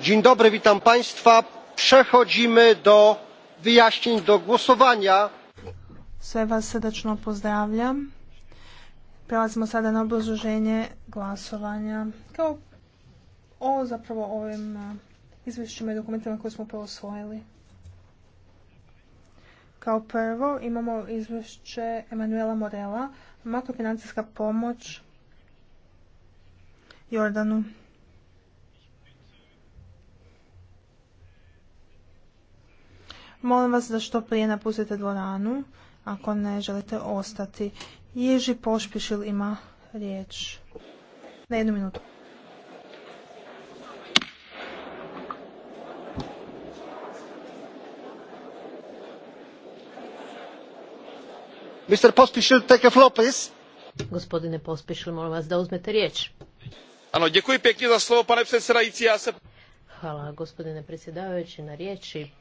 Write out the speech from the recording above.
dzień witam państwa przechodzimy do wyjaśnień do głosowania sve vas srdačno pozdravljam prelazimo sada na obrazloženje glasovanja kao o zapravo ovim e, izvješćima i dokumentima koje smo upravo osvojili kao prvo imamo izvješće Emanuela Morela makrofinancijska pomoć Jordanu Molim vas da što prije napustite dvoranu ako ne želite ostati. Ježi Pošpišil ima riječ. Na jednu minutu. Mr. Pospišil, take a floor, please. Gospodine Pospišil, molim vas da uzmete riječ. Ano, děkuji pěkně za slovo, pane předsedající. ja se... Hvala, gospodine predsjedavajući, na riječi.